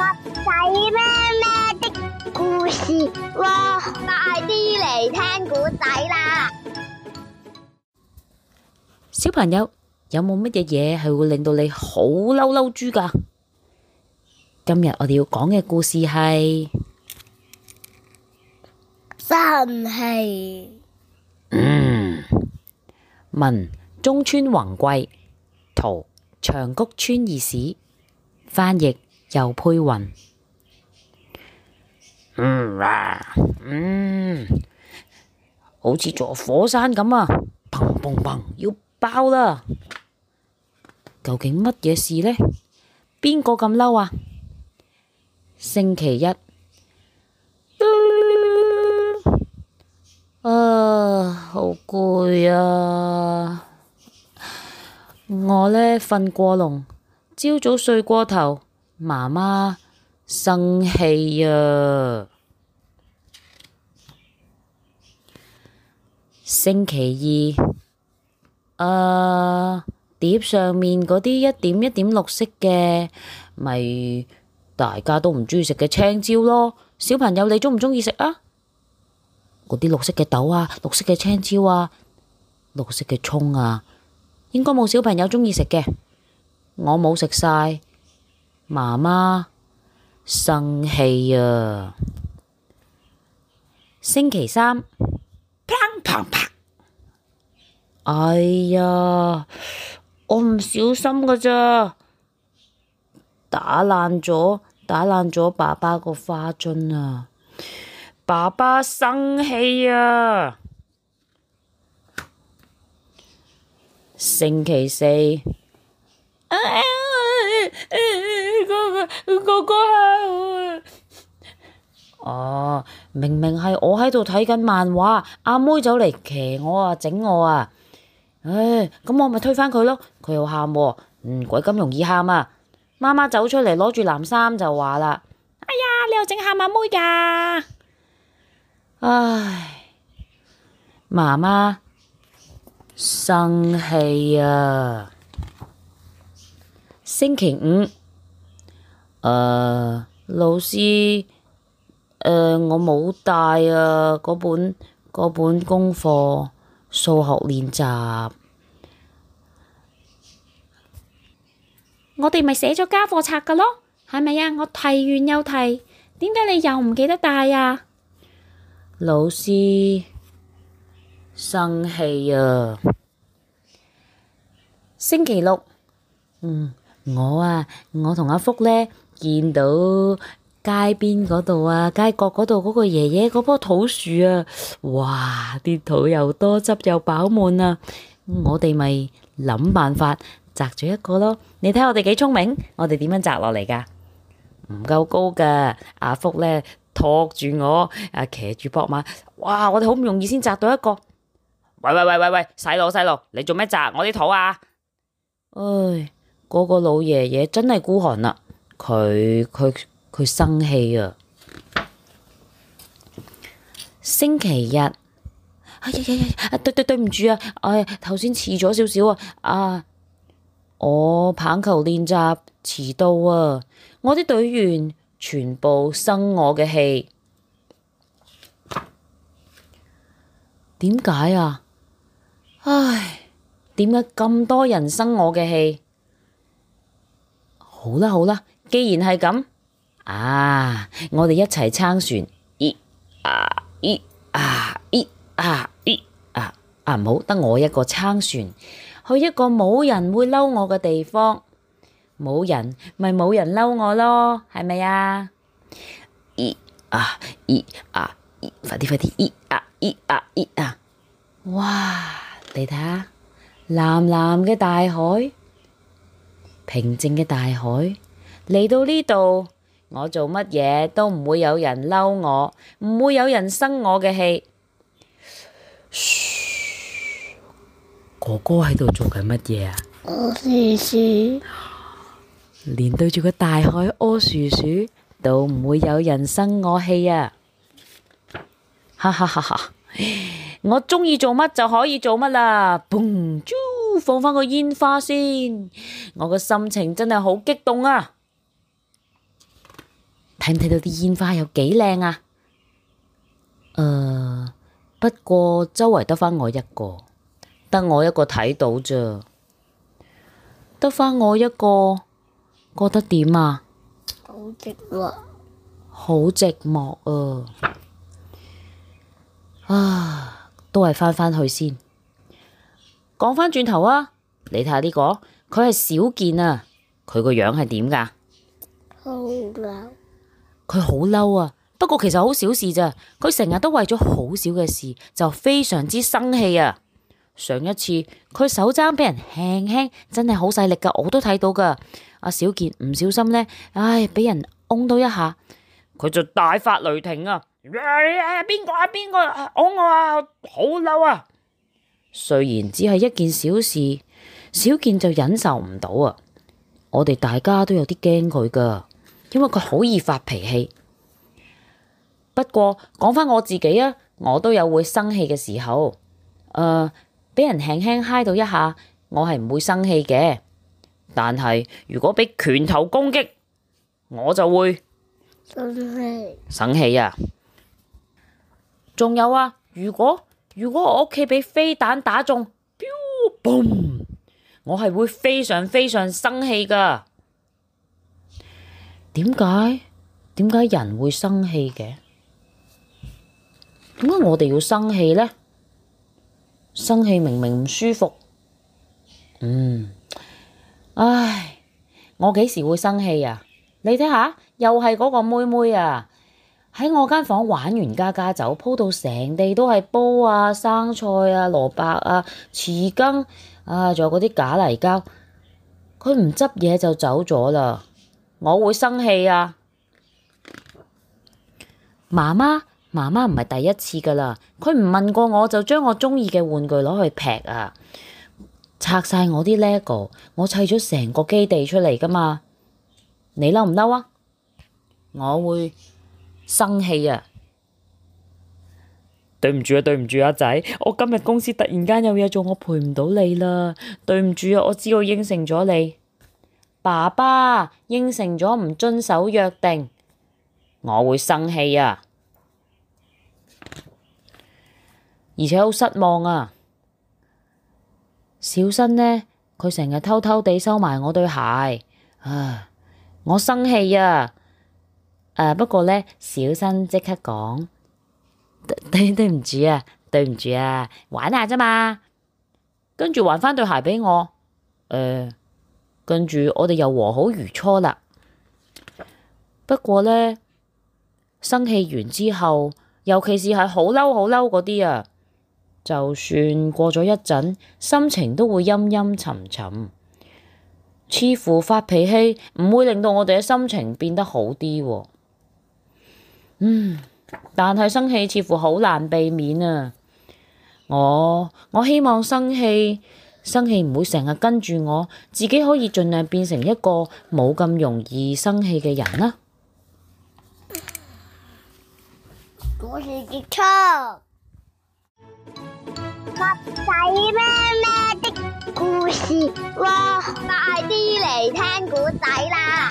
仔咩咩的故事喎，快啲嚟聽古仔啦！小朋友有冇乜嘢嘢係會令到你好嬲嬲豬噶？今日我哋要講嘅故事係真係嗯，文中川宏貴，圖長谷川義史，翻譯。又配雲，嗯嗯，好似座火山咁啊，砰砰砰，要爆啦！究竟乜嘢事呢？邊個咁嬲啊？星期一，嗯、啊，好攰啊！我呢瞓過籠，朝早睡過頭。媽媽生氣啊！星期二，啊，碟上面嗰啲一點一點綠色嘅，咪、就是、大家都唔鍾意食嘅青椒咯。小朋友你鍾唔鍾意食啊？嗰啲綠色嘅豆啊，綠色嘅青椒啊，綠色嘅蔥啊，應該冇小朋友鍾意食嘅。我冇食晒。媽媽生氣啊！星期三，砰砰砰！哎呀，我唔小心㗎咋，打爛咗打爛咗爸爸個花樽啊！爸爸生氣啊！星期四。明明係我喺度睇緊漫畫，阿妹走嚟騎我啊，整我啊，唉，咁我咪推翻佢咯，佢又喊喎，唔鬼咁容易喊啊！媽媽走出嚟，攞住藍衫就話啦，哎呀，你又整喊阿妹噶，唉，媽媽生氣啊！星期五，呃，老師。誒，我冇帶啊！嗰本嗰本功課數學練習，我哋咪寫咗家課冊噶咯，係咪啊？我提完又提，點解你又唔記得帶啊？老師生氣啊！星期六，嗯，我啊，我同阿福咧見到，街邊嗰度啊，街角嗰度嗰個爺爺嗰棵桃樹啊，哇！啲桃又多汁又飽滿啊！我哋咪諗辦法摘咗一個咯。你睇我哋幾聰明，我哋點樣摘落嚟㗎？唔夠高㗎，阿福咧托住我，阿、啊、騎住膊馬。哇！我哋好唔容易先摘到一個。喂喂喂喂喂，細路細路，你做咩摘我啲桃啊？唉，嗰、那個老爺爺真係孤寒啦。佢佢。佢生氣啊！星期日，哎呀呀對對對唔住啊！我頭先遲咗少少啊！啊，我棒球練習遲到啊！我啲隊員全部生我嘅氣，點解啊？唉，點解咁多人生我嘅氣？好啦好啦，既然係咁。啊！我哋一齊撐船，咦啊咦啊咦啊咦啊啊唔好，得我一個撐船，去一個冇人會嬲我嘅地方，冇人咪冇人嬲我咯，係咪啊？咦，啊咦，啊咦，快啲快啲，咦，啊咦，啊咦啊啊啊，啊！哇！你睇下，藍藍嘅大海，平靜嘅大海，嚟到呢度。我做乜嘢都唔會有人嬲我，唔會有人生我嘅氣。嘘，哥哥喺度做緊乜嘢啊？屙樹樹，連對住個大海屙樹樹都唔會有人生我氣嘯啊！哈哈哈哈，我中意做乜就可以做乜啦！嘭，咻，放翻個煙花先，我個心情真係好激動啊！睇唔睇到啲煙花有幾靚啊？誒、呃，不過周圍得翻我一個，得我一個睇到啫，得翻我一個覺得點啊？好寂寞。好寂寞啊！啊，都係翻翻去先。講翻轉頭啊，你睇下呢個，佢係少見啊，佢個樣係點噶？好靚。佢好嬲啊！不過其實小好小事咋，佢成日都為咗好小嘅事就非常之生氣啊！上一次佢手踭俾人輕輕，真係好細力噶，我都睇到噶。阿小健唔小心咧，唉，俾人㧬到一下，佢就大發雷霆啊！呀、啊、呀，邊個啊，邊個㧬、啊、我啊！好嬲啊！雖然只係一件小事，小健就忍受唔到啊！我哋大家都有啲驚佢噶。因為佢好易發脾氣。不過講翻我自己啊，我都有會生氣嘅時候。誒、呃，俾人輕輕嗨到一下，我係唔會生氣嘅。但係如果俾拳頭攻擊，我就會生氣。生氣啊！仲有啊，如果如果我屋企俾飛彈打中 b o 我係會非常非常生氣噶。點解？點解人會生氣嘅？點解我哋要生氣咧？生氣明明唔舒服。嗯，唉，我幾時會生氣啊？你睇下，又係嗰個妹妹啊，喺我間房玩完家家酒，就鋪到成地都係煲啊、生菜啊、蘿蔔啊、匙羹啊，仲有嗰啲假泥膠，佢唔執嘢就走咗啦。我會生氣啊！媽媽，媽媽唔係第一次噶啦，佢唔問過我就將我中意嘅玩具攞去劈啊，拆晒我啲 LEGO，我砌咗成個基地出嚟噶嘛，你嬲唔嬲啊？我會生氣啊！對唔住啊，對唔住啊仔，我今日公司突然間有嘢做，我陪唔到你啦，對唔住啊，我知道我應承咗你。爸爸應承咗唔遵守約定，我會生氣啊，而且好失望啊。小新呢，佢成日偷偷地收埋我對鞋，啊，我生氣啊。誒，不過呢，小新即刻講，對，對唔住啊，對唔住啊，玩下啫嘛，跟住還返對鞋畀我，誒跟住我哋又和好如初啦。不過咧，生氣完之後，尤其是係好嬲、好嬲嗰啲啊，就算過咗一陣，心情都會陰陰沉沉，似乎發脾氣唔會令到我哋嘅心情變得好啲喎啊。嗯，但係生氣似乎好難避免啊。我我希望生氣。生氣唔會成日跟住我，自己可以盡量變成一個冇咁容易生氣嘅人啦，啊。故事結束，襪仔咩咩的故事喎，哇快啲嚟聽故仔啦！